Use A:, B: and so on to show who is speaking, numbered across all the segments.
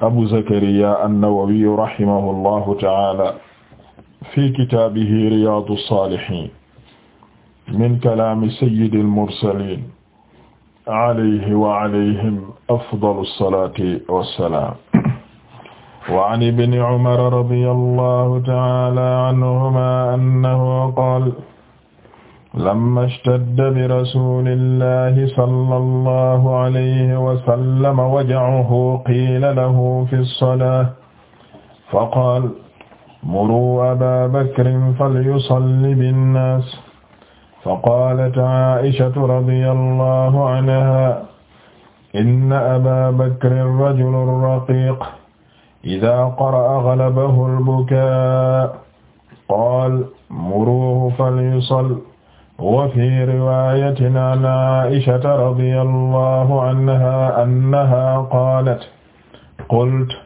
A: abu zakariya an-nawawi rahimahullahu ta'ala fi kitaabihi riyaadu saalihiin min kalaami sayyidil mursaliin alayhi wa alayhim afdalu salaati wa salaam. wa an ibni umar radiyallahu ta'ala anhumaa annahu qaala lamma ishtadda bi rasuulillahi sallallahu alayhi wa sallam waj'uhu qiila lahu fi salaati faqaala muruu abaa bakrin falyusalli binnaas faqaalat aa'ishatu radiyallahu anhaa inna abaa bakrin rajulun raqiiq izaa qara'a galabahu al-bukaa qaala muruuhu falyusalli wa fi riwaayatin an Aa'ishata radiyallahu anha annaha qaalat qultu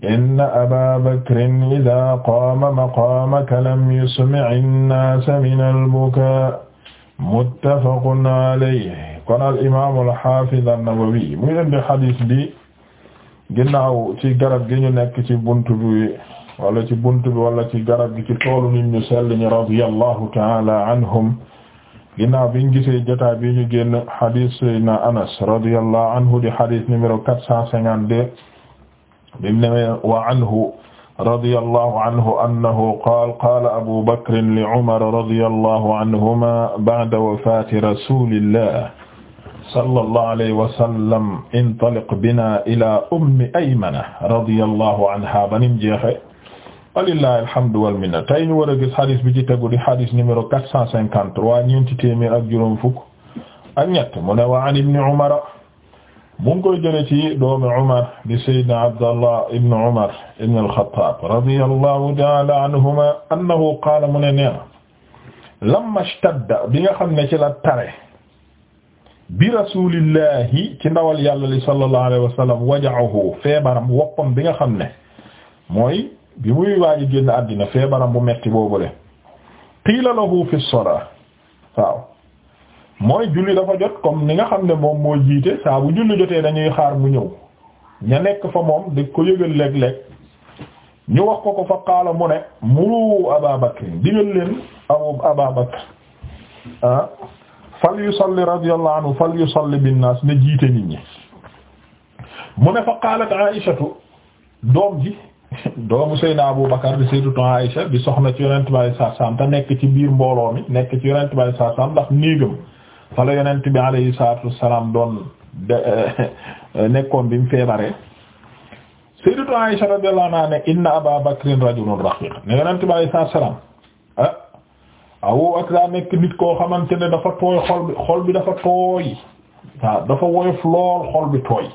A: inna Abaa Bakrin izaa qaama maqaamaka lam yusmi' an-naasa mina al-bukaa' muttafaqun alayhi kon al-imaam al-haafiz an-Nawawi muy indi hadiis bi ginnaaw ci garab gi ñu nekk ci bunt bi wala ci bunt bi wala ci garab gi ci toolu nit ñu sell ñi radiyallahu ta'aala anhum ginnaaw biñ gisee jotaay bi ñu génn hadis sayyidina Anas radiyallahu anhu di hadis numéro 452 bim ne wa anhu radiyallahu anhu annahu qaala qaala Abu Bakr li Umar radiyallahu anhuma ba'da wafaati rasulillah sallallahu alayhi wa sallam intaliq bina ila ummi Aymana radiyallahu anha banim jeexe walillahi alhamdu wal minna tey ñu war a gis xadis bi ci tegu di xadis numéro quatre cent cinquante trois ñeenti téeméer ak juróom fukk ak ñett mu ne wa an ibni umara mu ngi koy jële ci doomi umar di sayyidina abdallah ibn umar ibn al-khattab radiyallahu ta'ala anhuma annahu qaala mu ne neena lamma ishtadda bi nga xam ne ci la tare bi rasulillahi ci ndawal yàlla li sallallahu alayhi wa sallam waja'uhu feebaram woppam bi nga xam ne mooy bi muy waaji génn àddina feebaram bu metti boobule qiila lahu fi salaa waaw mooy julli dafa jot comme ni nga xam ne moom moo jiite saa julli jotee dañuy xaar mu ñëw ña nekk fa moom di ko yëgal léeg-léeg ñu wax ko ko fa qaala mu ne muru Abaa Bakr digal leen abu Abaa Bakr ah fal yusalli radiyallahu anhu fal yusalli binnaas ne jiite nit ñi mu ne fa qaalat Aïshatu doom ji doomu Seydina Abu Bakar di Sayyidatu Aïcha bi soxna ci yonent bi alayhi salaam te nekk ci biir mbooloo mi nekk ci yonent bi alayhi salaam ndax néegam fa la yonent bi alayhi salaatu wassalaam doon euh, nekkoon bi mu feebaree Sayyidatu Aïcha radiyallahu na ne inna Aba Bakrin rajulun raqiq ne yonent bi alayhi salaatu ah Abu Bakr daa nekk nit koo xamante ne dafa tooy xol bi xol bi dafa tooy waaw dafa woyof lool xol bi tooy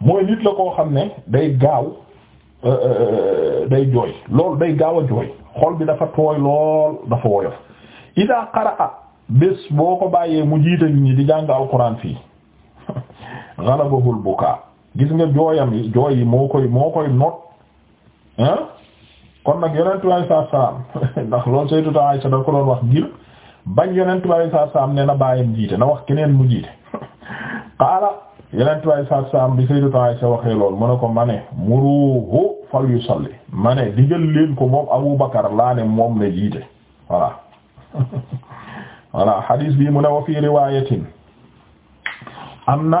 A: mooy nit la koo xam ne day gaaw Euh, euh, euh, day jooy loolu day gaaw a jooy xol bi dafa tooy lool dafa woyof ida qaraa bés boo ko bàyyee mu jiite nit ñi di jàng alquran fii galabahul bukaa gis nga jooyam yi jooy yi moo koy moo koy not ah kon nag yonentu Yàlla saa lool ndax loolu Sayyidatu Aysa da ko doon wax ngir bañ yonentu Yàlla saa ne na bàyyam jiite na wax keneen mu jiite qaala yenent way sat sam bi Sayyidatu Aisha waxee lool mu ko ma ne muruhu fal yusalli ma ne digal leen ko moom Abu Bakar laa moom ne jiite voilà voilà hadis bi mu ne wa fii riwayatin am na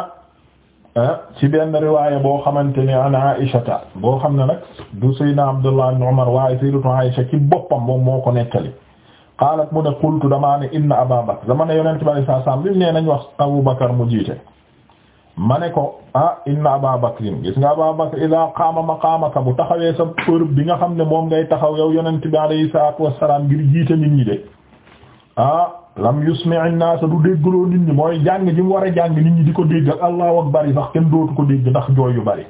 A: eh, ci benn riwaaya boo xamante ni an Aishata boo xam ne nag du Sayyidina Abdullah ibn Umar waaye Sayyidatu Aisha ci boppam moom moo ko nettali qaalat mu ne qultu damaa ne inna Aba Bakar dama ne yonent way sat wax Abu Bakar mu jiite ma ne ko ah inna Aba Bakrin gis nga Aba Bakr idaa qaama maqaamaka bu taxawee sa përëb bi nga xam ne moom ngay taxaw yow yonent bi alayhi salaatu wassalaam ngir jiite nit ñi de ah lam yusmi'in naas du déggloo nit ñi mooy jàng ji mu war a jàng nit ñi di ko dégg ak allahu akbar yi sax kenn dootu ko dégg ndax jooy yu bari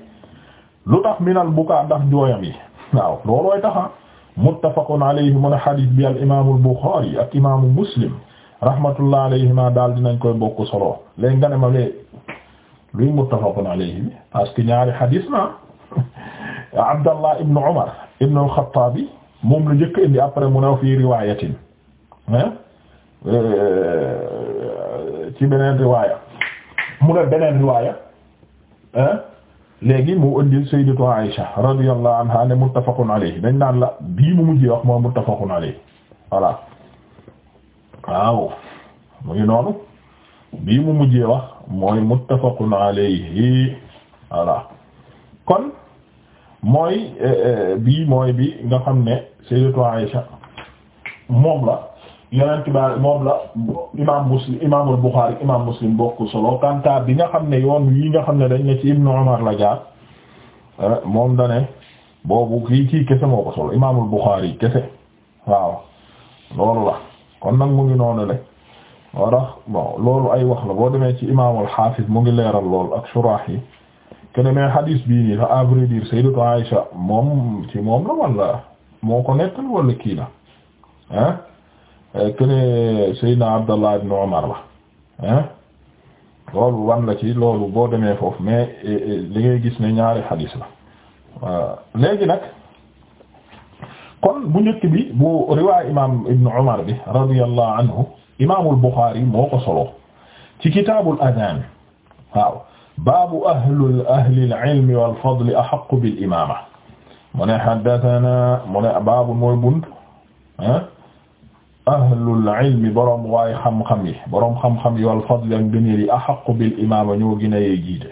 A: lu tax minal bukaa ndax jooyam yi waaw loolooy taxa muttafaqun alayhi mu ne xadiis bi al imaamul Buxaari ak imaamu Muslim rahmatullah alayhima solo léegi nga luy muttafaqun alayhi bi parce que ñaari hadis na Abdallah ibn Umar ibn al-Khattab moom la njëkk indi après mu ne fii riwaayatin euh, ci beneen riwaaya mu ne beneen riwaaya léegi mu indi sayyidatu Aïsha radiyallahu anha ne muttafaqun alayhi dañ naan la bii mu mujjee wax moo muttafaqun alayhi voilà waaw mu ngi noonu bii mu mujjee wax mooy muttafaqun alayhi voilà kon mooy eh, eh, bii mooy bi nga xam ne sayyidatu Aisha moom la yonent ba moom la imaam Muslim imaamul Buxaari imaam Muslim bokk solo kanta bi nga xam ne yoon yi nga xam ne dañ ne ci Ibnu Umar la jaar eh, moom da ne boobu kii kii kese moo ko solo imaamul Buxaari kese waaw loolu la kon nag mu ngi noonu le moo bon loolu ay wax la boo demee ci imaamul xaafis mu ngi leeral lool ak suraax yi kene mais hadis bii nii la à vrai dire sayyidatu Aïsha moom ci moom la wala moo ko nettal wala kii la ah kene Abdallah ibn Umar la loolu wan ci loolu boo demee foofu mais eh, eh, li ngay gis ne ñaari hadis la waaw léegi kon bu njëkk bi bu imam ibn Umar bi radiyallahu anhu imaamul Buxaari moo ko solo ci kitaabul adaan waaw baabu ahlul ahlil ilmi wal fadli ahaqqu bil imaama mu ne haddasanaa mu ne baabu mooy bunt ah ahlul ilmi boroom waay xam-xam yi boroom xam-xam yi wal fadli ak ngëneel yi ahaqqu bil imaama ñoo gën a yee jiite.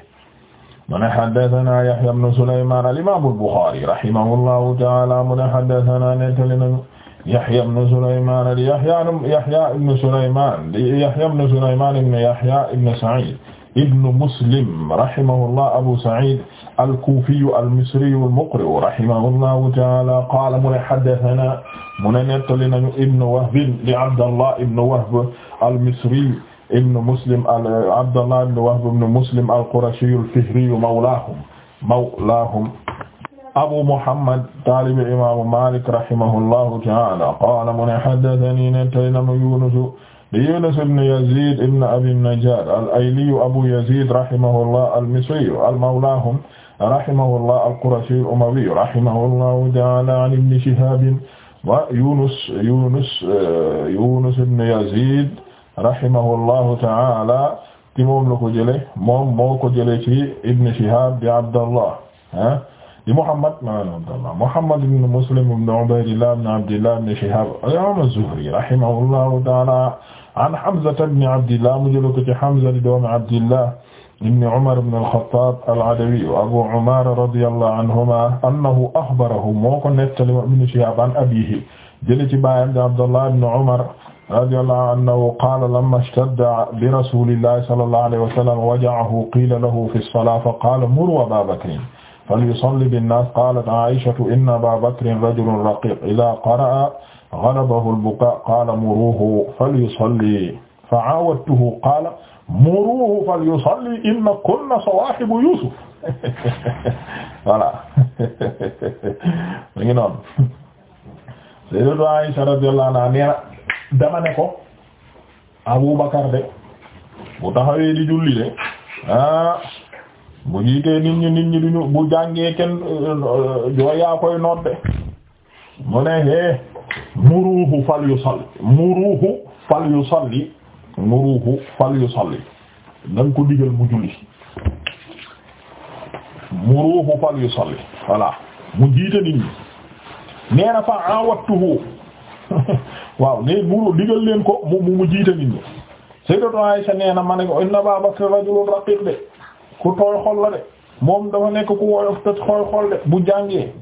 A: mu ne haddasanaa Yahyaa ibnu Sulaymaan al imaamul Buxaari rahimahullahu ta'aala mu ne haddasanaa nettali nañu Yahya ibn Sulaymaan di Yahya Yahya ibn Sulaymaan di Yahya ibn Sulaymaan ibn Yahya ibn Sa'iid ibn Muslim rahimahullah Abu Sa'iid al-Kuufiyyu al-Misriyyu al-Muqri'u rahimahullahu ta'aala qaala mu ne haddathanaa mu ne nettali nañu ibn Wahb di Abdallah ibn Wahb al-Misriyyu ibn Muslim Abdallah ibn Wahb ibn Muslim al-Qurashiyyu al-Fihriyyu mawlaahum mawlaahum abu muhammad taalib imaamu malik rahimahullahu ta'ala qaala mu ne haddathanii nettali ma yunusu di yunus ibn yazid ibn abi najjaad al-ayliyu abu yazid rahimahullah al-misriyu al-mawlaahum rahimahullah al-qurashiyu al-umawiyyu rahimahullahu ta'ala an ibn shihaab wa yunus yunus eh, yunus ibn yazid rahimahullahu ta'ala ti moom la ko jëlee moom moo ko jëlee ci ibn shihaab di abdallah ah. di Muhammad ma Abdallah Muhammad ibn Muslim ibn Ubaydillah ibn Abdillah ibn Shihab imam az-Zuhri rahimahullahu ta'ala an Hamza ibn Abdillah mu jël ko ci Hamza di doomi Abdillah ibn Umar ibn al-Khattab al-Adawi wa Abu Umara radiyallahu anhuma annahu akhbarahu moo ko nettali ibn Shihab an abihi jël ci baayam di Abdallah ibn Umar radiyallahu anhu qaala lamma ishtadda bi rasulillahi sallallahu alayhi wa sallam waja'uhu qiila lahu fi as-salaa fa qaala mur wa Abaa Bakrin falyusalli binnaas qaalat aishatu inna aba bakrin rajulun raqiq ida qaraa galabahu lbukaa qaala muruuhu falyusalli fa aawadtuhu qaala muruuhu falyusalli inna kunna sawaahibu yuusuf voilà mi ngi noonu sayyidatu Aisha radiyallahu anha nee na dama ne ko Abu Bakar de bu taxawee di julli de ah bu jiitee nit ñi nit ñi duñu bu jàngee kenn euh, jooy yaa koy noot de mu ne hee muruuhu fal yu salli mu fal yu salli muruuhu fal yu salli danga ko digal mu julli muruuhu fal yu salli voilà mu jiite nit ñi nee na fa awattuhu waaw ne muru digal leen ko mu mu jiite nit ñi Sayyidatu Aisha nee na ma ne inna Abaa Bakr rajulun raqiq de ku tooy xol la de moom dafa nekk ku woyof te xooy xol de bu jàngee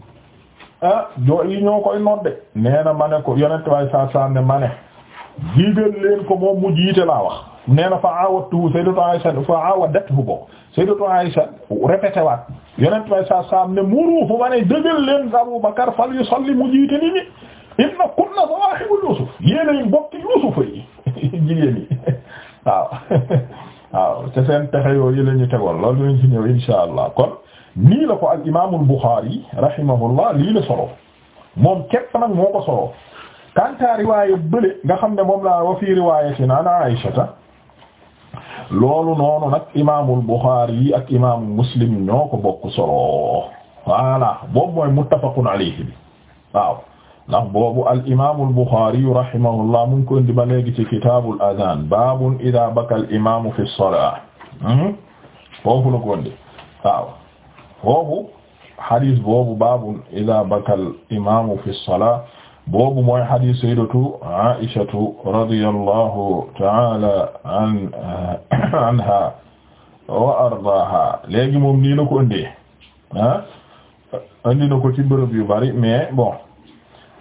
A: ah yi ñoo koy nodde nee na ma ne ko yonent waay saa saa ne ma ne jiital leen ko moom mu jiite laa wax nee na fa awatu sayyidatu Aisha fa awadatu ko sayyidatu Aisha répété waat yonent waay saa saa ne muru fu ma ne dëgal leen Abu Bakar fal yusalli mu jiite nit ñi inna kunna sawaahibu Yuusuf yéenay mbokki Yuusuf yi jigéen yi waaw waaw te seen pexe yooyu la ñu tegoon loolu lañ ñëw insha allah kon nii la ko ak imaamul Buxaari rahimahullah lii la solo moom képp nag moo ko solo kanta riwaaya bële nga xam ne moom laa wa fii riwaayatin an Aysata loolu noonu nag imaamul Buxaari ak imaamu Muslim ñoo ko bokk solo voilà boobu mooy muttafaqun alayhi bi waaw ndax boobu al imaamu al Buxaari rahimahullah mu ngi ko indi ba léegi ci kitaabul adaan baabun idaa baka al imaamu fi salaa hmm? foofu la ko indi waaw foofu xadis boobu baabun idaa baka al imaamu fi salaa boobu mooy xadis sayyidatu Aishatu radiyallahu ta'ala anha wa ardaaha léegi moom nii la ko indi ah indi na ko ci bërëb yu bari mais bon.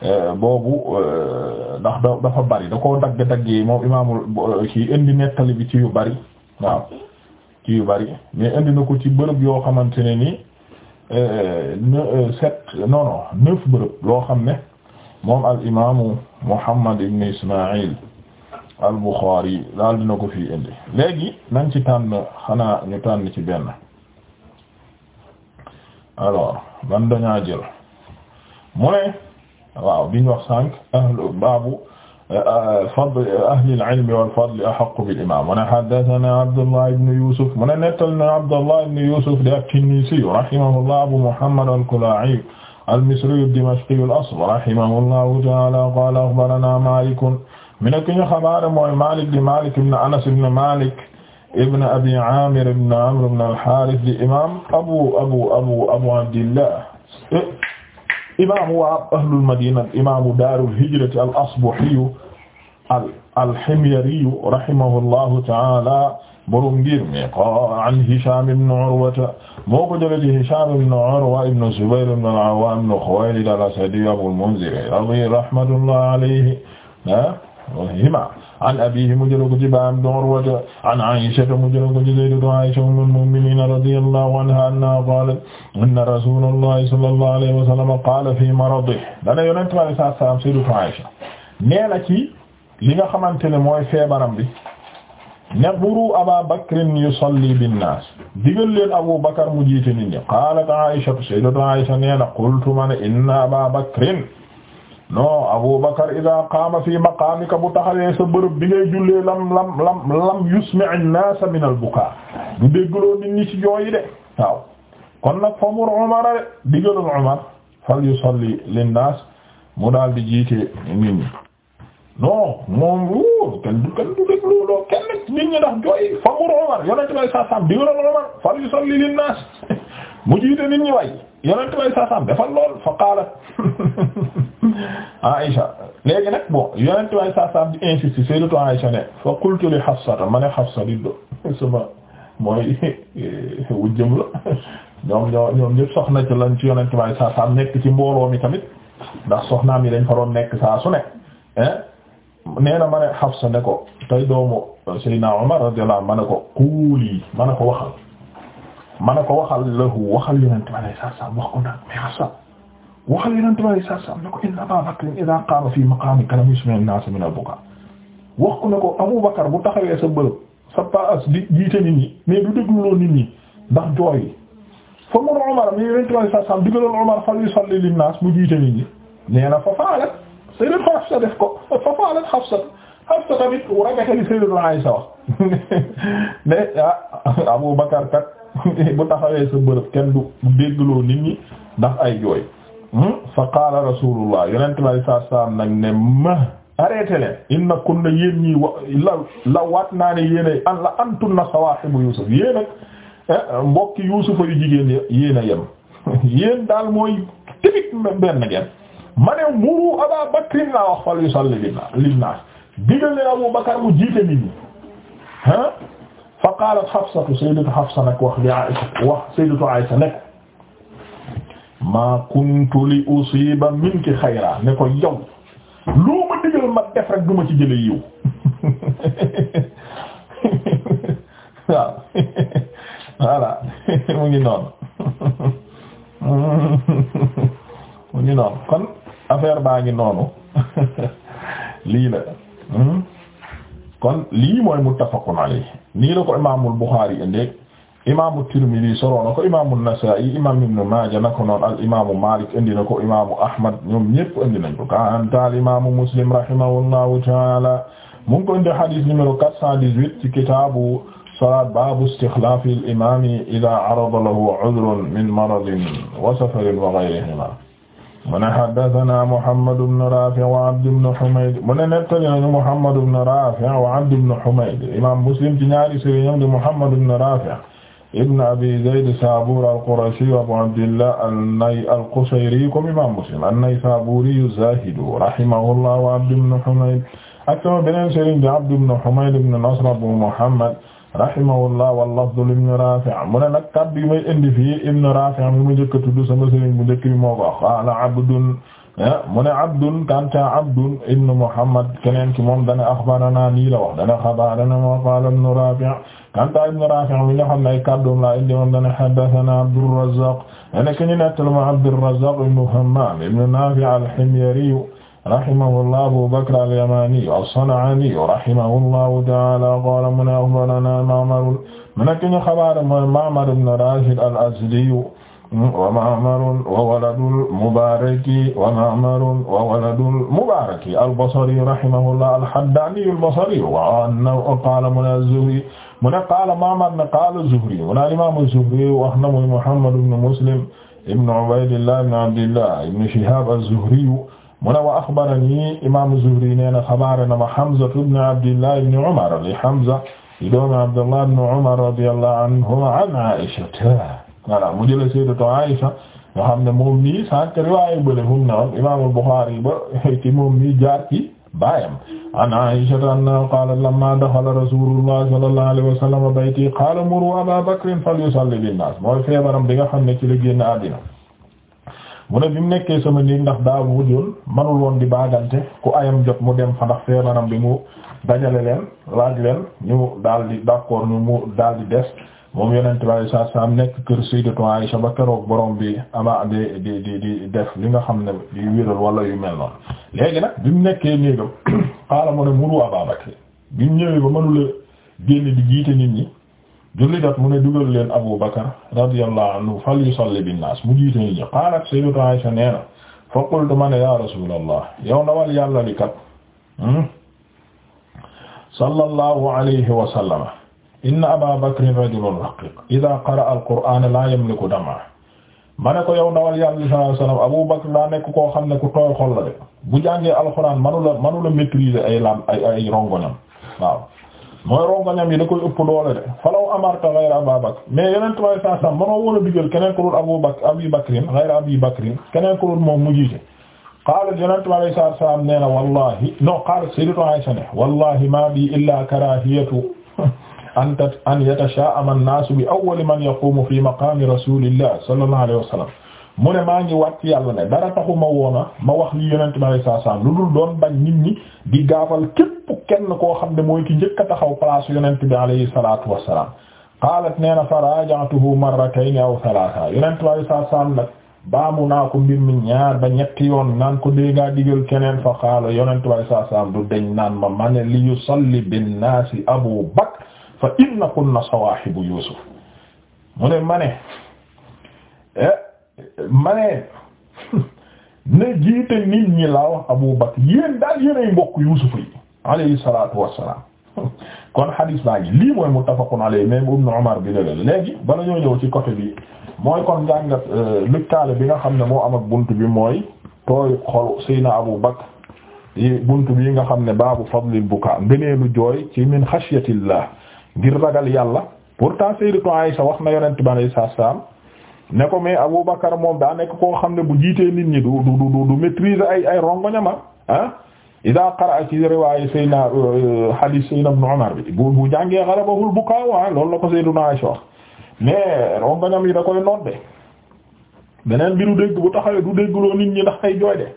A: Euh, boobu euh, ndax da dafa bari da ko dagg daggee moom imaamul euh, kii indi nettali bi ci yu bari waaw ci yu bari mais indi na ko ci bërëb yoo xamante ne ni sept non non bërëb loo xam ne moom al imaamu Muhammad ibn Ismaïl al Bukhari daal dina ko fi indi léegi nañ ci tànn xanaa ñu tànn ci benn alors man dañaa jël mu ne waaw biñ wax sànq ahlu baabu eh, fadl ahlil ilmi wal fadli ahaqqu bil imaam mu ne haddathana Abdullah ibn Yusuf mu ne nettal na Abdullah ibn Yusuf di at-Tinnisi rahimahullah Abu Muhammad al-Kalaa'i al-Misri ad-Dimashqi al-asl rahimahullahu ta'ala qala akhbarana Malik mi ne ki ñu xabaare mooy Malik di Malik ibn Anas ibn Malik ibn Abi Amir ibn Amr ibn al-Harith di imam abu abu abu abu Abdillah imaamu waa ahlul madina imaamu daarul hijrati al asbahiyu al alhimyariyu rahimahullahu ta'ala borom ngir mi an Hisham ibn Urwa moo ko jëlee ci Hisham ibn Urwa ibn Zubayr ibn al-Awwam ibn Khuwaylid al-Asadi Abul Munzir rahmatullahi alayhi an abiihi mu jëloon ko ci baam doon Urwata an Aisha mu jëloon ko ci Zayd doon Aisha ummul mu'miniin radiyallahu anha annahaa qaalat inna rasuulallahi sallallahu alayhi wa sallam qaala fii maradihi dana Yonent bi alayhi salaam Sayyidatu Aisha nee na ci li nga xamante ne mooy feebaram bi ne muru Abaa Bakrin yusalli binnaas digal leen Abu Bakr mu jiite nit ñi qaalat Aisha Sayyidatu Aisha nee na qultu man inna Abaa Bakrin non Abubakar idaa qaama fii maqaamika bu taxawee sa bërëb bi ngay jullee lam lam lam lam yusmi' an-naas min al-bukaa du déggloo nit ñi ci jooyi de waaw kon nag famur Umar digalul Umar fal yusalli lin-naas mu daal di jiite nit ñi non moom wuu kenn du kenn loo kenn nit ñi ndax jooy famur Umar yonent bi sallallahu alayhi wa sallam fal yusalli lin-naas mu jiite nit ñi waay yonent bay saasaam defal lool fa qaalat Aïcha léegi nag bon yonent bay saasaam di insister sayyidatu Aïcha ne fa qultu li Hafsata ma ne Hafsa di do la ñoom ñoo ñoom ñëpp soxna ci lañ ci yonent bay saasaam nekk ci mbooloo mi tamit ndax soxnaam yi dañ fa doon nekk saa su ne nee na ma ne Hafsa ne ko tey doomu Seydina Umar radiyallahu anhu ma ne ko quuli ma ne ko waxal ma ne ko waxal lahu waxal yonent bi alayhi salaam wax ko nag mais Hafsa waxal yonent bi alayhi salaam ne ko inna Abaa Bakrin idaa qaama fii maqaamika lam yusmi' an-naas min al-bukaa wax ko ne ko Abu Bakar bu taxawee sa bërëb sa paas di jiite nit ñi mais du dégluloo nit ñi ndax jooy fa mun Umar mi yonent bi alayhi salaam digaloon Umar fal yusalli lin-naas mu jiite nit ñi nee na fa faalat sayyidat Hafsa def ko fa faalat Hafsa Hafsa tamit ragata li sayyidat Aysa wax ne ah Abu Bakar kat bu taxawee sa bërëb kenn du déggloo nit ñi ndax ay jooy hmm? fa qaala rasulullah yonente bi alai saatu salaam nag ne ma arrêté leen inna kunna yéen ñi wa la la waat naa ne yéen ay an la antunna sawaahibu yusuf yéen ak eh, mbokki yusufa yu jigéen yéen a yem daal mooy tibit benn ngeen ma ne muru aba bakrin la wax fal yusalli lin naas digal leen Abu Bakar mu jiite nit ñi fa qaalat Hafsatu sayyidatu Hafsa nag wax li Aisha wax sayyidatu Aisha ne ko maa kuntu li usiba minki xayra ne ko yow loo ma digal ma def rek du ma ci jële yiw waaw voilà mu ngi noonu mu ngi noonu kon affaire baa ngi noonu lii la hmm? kon lii mooy muttafaqun alayhi nii la ko imaamul Buxaari indee imaamu Tirmidi soroon na ko imaamu Nasaa'i imaam Ibnu Maaja na ko noonu al imaamu Maalik indi na ko imaamu Ahmad ñoom ñépp indi nañ ko kaanta al imaamu Muslim rahimahullahu ta'aala mu ngi ko indi hadith numéro 418 ci kitaabu salaat baabu istixlaafi al imaami idaa arada lahu udrun min maradin wa safarin wa ghayrihimaa mu ne haddasanaa Muhammad ibn Raafi' wa Abd ibn Humayd mu ne nettali nañu Muhammad ibn Raafi' wa Abd ibn Humayd imaam Muslim ci ñaari sëriñam di Muhammad ibn Raafi' ibn Abi Zayd Saabuur al-Qurashi Abu Abdillah an-Nay al-Qushayri comme imaam Muslim an-Naysaabuuri az-Zaahid rahimahullah wa Abd ibn Humayd ak sama beneen sëriñ di Abd ibn Humayd ibn Nasr Abu Muhammad rahimahullah wallafdu libnu Rafi' mu ne nag kaddu yi may indi fii ibnu Rafi' mi mu njëkk a tudd sama sëriñ bu njëkk bi moo ko wax qaala abdun eh, mu ne abdun kanta abdun ibnu Muhammad keneen ki moom dana axbarana nii la wax dana xabarana moo qaala ibnu Rafi' kanta ibnu Rafi' mi nga xam ne ay kaddoom laa indi moom dana haddathana Abdurrazzaq ene ki ñu nettali ma Abdurrazzaq ibnu Hammam ibnu Nafi' al-Himyari rahimahullah Abu Bakr al-Yamani as-San'ani rahimahullahu ta'ala qala mu ne akhbarana Ma'mar mu nekk ñu xabaar mooy Ma'mar ibn Rashid al-Azdi wa Ma'mar wa waladul Mubaraki wa Ma'mar wa waladul Mubaraki al-Basri rahimahullah al-Haddani al-Basri wa annahu qala mu ne az-Zuhri mu ne qala Ma'mar ne qala az-Zuhri mu ne al-imam az-Zuhri wax na muy Muhammad ibn Muslim ibn Ubaydillah ibn Abdillah ibn Shihab az-Zuhri mu ne wa axbarani imaamu Zuhri nee na xabaare na ma Hamza ibn Abdillah ibn Umar li Hamza di doomi Abdillah ibn Umar radiyallahu anhuma an Aisha voilà mu jëlee sayyidatu Aisha nga xam ne moom mii sànq riwaayu bële fu mu ne woon imaamu Buxaari ba ci moom mii jaar ci baayam an Aisha anna qaalat lamma daxala Rasulullah sallallahu alayhi wa sallam bayti qaala muru Abaa Bakrin falyusalli bin naas mooy feebaram bi nga xam ne ci la génn àddina mu ne bi mu nekkee sama néeg ndax daa wujoon manul woon di baagante ku ayam jot mu dem fa ndax feebaram bi mu dajale leen laaj leen ñu daal di d'accord ñu mu daal di des moom yonent bi alayhi salaatu salaam nekk kër Sayyidatu Aisha ba keroog borom bi ama di di di di def li nga xam ne di wéral wala yu mel noonu léegi nag bi mu nekkee néegam xaala mu ne muru Abaa Bakr bi ñëwee ba mënula génn di jiite nit ñi julli jot mu ne dugal leen Abu Bakar radiyallahu anhu fal yusalli bin naas mu jiite ñu qaalat sayyidatu Aisha nee na fa qultu ma ne ya rasulallah yow ndawal yàlla li kat hmm? sallallahu alayhi wa sallam inna Aba Bakrin rajulun raqiq idha qara'a al-Qur'ana la yamliku dam'a ma ko yow ndawal yàlla sallallahu alayhi Abu Bakr daa nekk koo xam ne ku tooy la de bu jàngee alxuraan manu manu la maîtriser ay lam ay ay rongoñam waaw mooy rongañam yi da koy ëpp doole de falaw amarta ghayra Abaa Bakr mais yeneen tubaab saa saa mënoo woon a digal keneen ku dul Abu Bakr Abi Bakrin ghayra Abi Bakrin keneen ku dul moom mu jiite. qaala yeneen tubaab saa saa am nee na wallaahi non qaala sayyidatu Aisha ne wallaahi maa bi illaa karaahiyatu an an yatashaa'ama an-naasu bi awwali man yaquumu fi maqaami rasuulillah sallallahu alayhi wa sallam mu ne maa ngi wàcc yàlla ne dara taxu ma woona ma wax li yonent mi alayhi lu dul doon bañ nit ñi di gaafal képp kenn koo xam ne mooy ki njëkk a taxaw place yonent bi alayhi salaatu wassalaam qaalat nee na salaam nag baamu naa ko mbir mi ñaar ba ñetti yoon naan ko dee ngaa digal keneen fa qaala yonent mi salaam du deñ naan ma ma ne li yusalli binnaasi Abu Bakr fa innakunna sawaahibu Yuusuf mu ne ma ne eh, ma ne ne jiite nit ñi laa wax Abu Bakr yéen daal yéenay mbokk Yuusuf yi alayhi salaatu wassalaam kon hadis baa ngi lii mooy muttafaqun alayhi même Ibn Umar bi dëgg léegi bala ñoo ñëw ci côté bi mooy kon njàngat euh, lëkkaale bi nga xam ne moo am ak bunt bi mooy tooy xolu Seydina Abu Bakr bunt bi nga xam ne baabu fadlil bukaa ngëneelu jooy ci min xashyatillah ngir ragal yàlla pourtant Sayyidatu Aisha wax na yonent bi alayhi salaam ne ko mais Aboubacar moom daa nekk koo xam ne bu jiitee nit ñi du du du du maîtriser ay ay rongoñama ah, ah? ida qara ci riwaayu Seydina hadith bu Ibn Umar bi bu bu jàngee ghalabahul bukaa loolu la ko Seydina Aisha wax mais rongoñam yi da koy nodde beneen bi du dégg bu taxawee du déggloo nit ñi ndax ay jooy de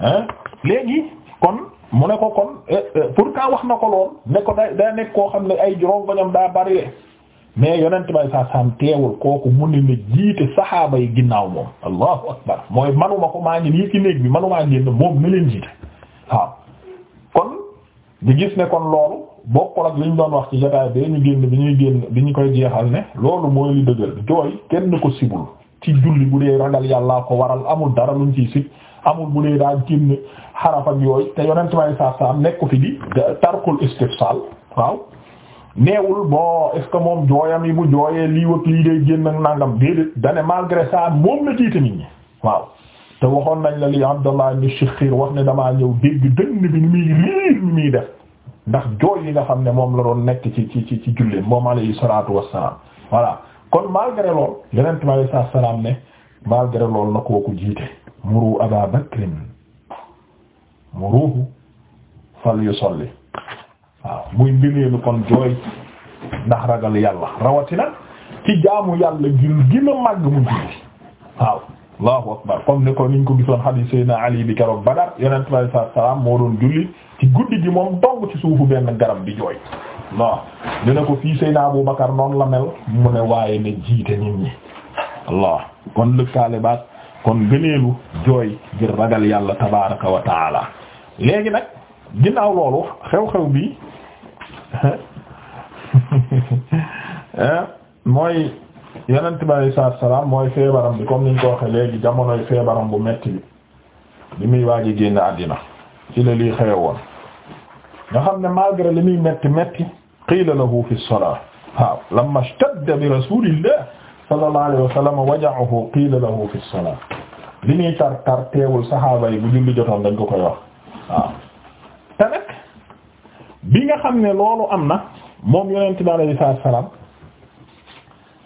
A: ah léegi kon mu ne ko kon eh, eh, pour ka wax na ko lool ne ko day day nekk koo xam ne ay rongoñam daa bari mais yonent bay saa teewul kooku mu ne na jiite saxaaba yi ginnaaw moom allahu akbar mooy manuma ko maa ngi nii ci néeg bi manumaa génn moom na leen jiite waaw kon di gis ne kon loolu bokkul ak li ñu doon wax ci jotaay bee ñu génn bi ñuy génn bi ñu koy jeexal ne loolu mooy li dëgër jooy kenn ko sibul ci julli bu dee ragal yàllaa ko waral amul dara luñ ciy sib amul bu dee daa génn xaraf ak yooyu te yonent bay saa nekku fi di tarkul istifsal neewul bon est moom jooyam yi bu jooyee lii wëkk lii day génn ak nangam déedéet dane malgré ça moom la jiite nit ñi waaw te waxoon nañ la li Abdallah ibn Shikhkhir wax ne damaa ñëw dégg dënn bi ni muy riir ni muy def ndax jooy yi nga xam ne moom la doon nekk ci ci ci ci julli moom alayhi salaatu wassalaam voilà kon malgré lool yeneen mi alayhi salaatu ne malgré lool na kooku jiite muru Abaa Bakrin muruhu fal yusalli waaw muy ngëneelu kon jooy ndax ragal yàlla rawatina ci jaamu yàlla gil gina màgg mu julli waaw allahu akbar comme ni ko niñ ko gisoon hadith Seydina Ali bi keroog Badar yonent bi alayhi salaatu salaam moo doon julli ci guddi gi moom dong ci suufu benn garab bi jooy waaw ñu ne ko fii Seydina Abu Bakar noonu la mel mu ne waaye ne jiite nit ñi allah kon lëkkaale baat kon gëneelu jooy ngir ragal yàlla tabaaraka wa taala léegi nag ginnaaw loolu xew-xew bi eh, mooy yonent bi alayhi salaatu wa salaam mooy feebaram bi comme niñ ko waxee léegi jamonoy feebaram bu metti bi bi muy waaj a génn àddina ci la lii xewe woon nga xam ne malgré li muy metti metti qiila lahu fi salaat waaw lamma ishtadda bi rasuulillah sallallahu alayhi wa sallam waja'uhu qiila lahu fi salaat li muy tar tar teewul saxaaba yi bu julli jotoon dañ ko koy wax waaw te nag bi nga xam ne loolu am na moom yonent bi alayhi salaam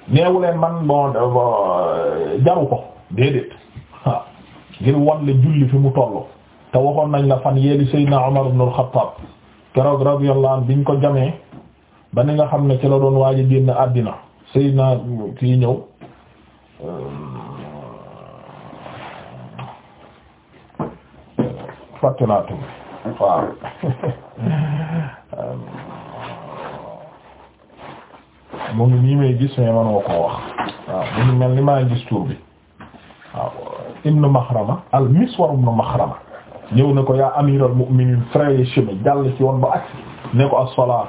A: neewu leen man bon euh, jaru ko déedéet waaw ngir wan julli fi mu tollu te waxoon nañ la fan yeeli Seydina Umar ibn al-Khattab keroog radiyallahu anhu biñ ko jamee ba ni nga xam ne ci la doon waaj a génn àddina Seydina kii ñëw euh, waaw mu ngi nii may gis mais wax waaw mu mel ni maa gis tur bi waaw ibnu Maxrama al Miswar ibnu Maxrama ñëw ne ko yaa amiral mu'minin frère chemin jàll ci woon ba agsi ne ko as-salaa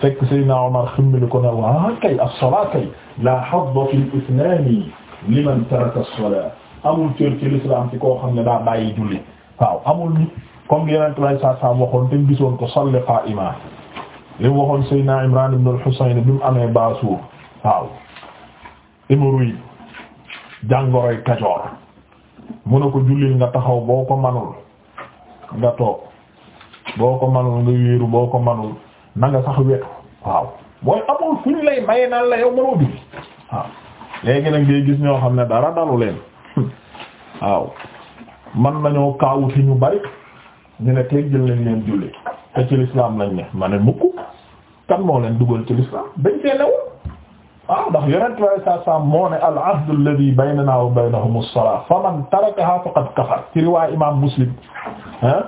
A: fekk Seydina Omar ximmili ko ne waa ah, kay as-salaa kay la hadda fi al-islaami liman taraka as-salaa amul cër ci l'islam ci comme li Yonent bi saa saa waxoon te gisoon ko salli qaa'ima li mu waxoon Seydina Imraan ibn al-Husayn bi mu amee baasuur waaw hémorroïde jàngoroy kajoor mu ne ko jullil nga taxaw boo ko manul nga toog boo ko manul nga wéeru boo ko manul na nga sax wetu waaw mooy amul fu ñu lay maye naan la yow mënoo julli waaw léegi nag ngay gis ñoo xam ne dara dalu leen waaw man nañoo kaawu ci ñu bari ñu ne teggil nañ leen julli te ci lislaam lañ ne ma ne mukk kan moo leen dugal ci lislaam dañ fee newul waaw ndax yonent bi saa saa moo ne al ahdu alladhi baynana wa baynahum as-salaa fa man tarakaha faqad kafar ci riwaay imaam muslim ah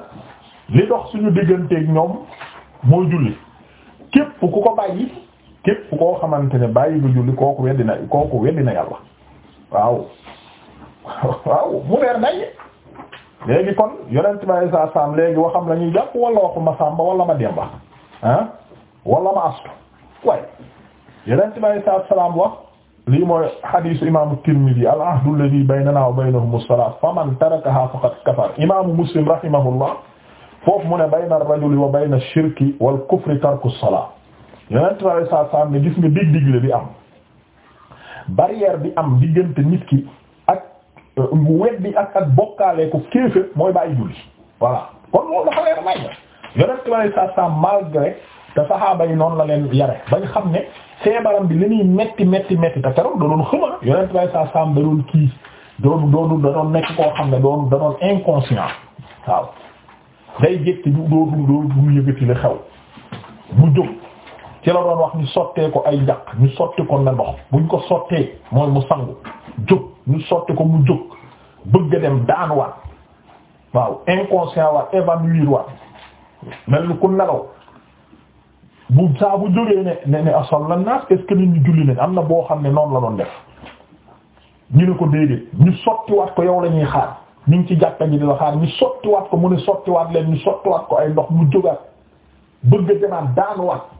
A: li dox suñu digganteeg ñoom mooy julli képp ku ko bàyyi képp koo xamante ne bàyyi bu julli kooku weddi na kooku weddi na yàlla waaw waaw mu leer nañ léegi kon yonent bi saa saam léegi waxam la ñuy jàpp wala waxu ma Samba wala ma Demba ah wala ma Astu waaye yonent bi saa salaam wax lii mooy hadiisu imaamu Tirmidi al ahdu alladhi baynanaa wa baynahumu salaat faman tarakahaa faqad kafar imaamu Muslim rahimahullah foofu mu ne bayna ar-rajuli wa bayna ash-shirki wal kufri tarku as-salaat yonent bi saa saam ne gis nga dig digle bi am barrière bi am diggante nit ki. weddi ak ak bokkaale ko kéefër mooy bàyyi julli voilà kon loolu dafa leer may yonent bi te saxaaba yi noonu la leen yare bañ xam ne feebaram bi li muy metti metti metti te keroog da doon xëma yonent bi alei satu da doon kii doonu doonu da doon nekk koo xam ne doo da doon inconscient waaw day jékki du dootul dootul yëgati li xew mu jóg ci la doon wax ñu sottee ko ay njaq ñu sotti ko na ndox buñ ko sottee mooy mu sangu jóg ñu sotti ko mu jóg bëgg a dem daan waat waaw inconscient waat évanouir waat mel ni ku nelaw bu saa bu jógee ne ne ne asol la naas est nit ñu julli leen am na boo xam ne noonu la doon def ñu ne ko déedéet ñu sottiwaat ko yow lañuy ñuy xaar ñu ngi ci jàkka ji di la xaar ñu sottiwaat ko mu ne sottiwaat leen ñu sottiwaat ko ay ndox mu jógaat bëgg a demaat daan waat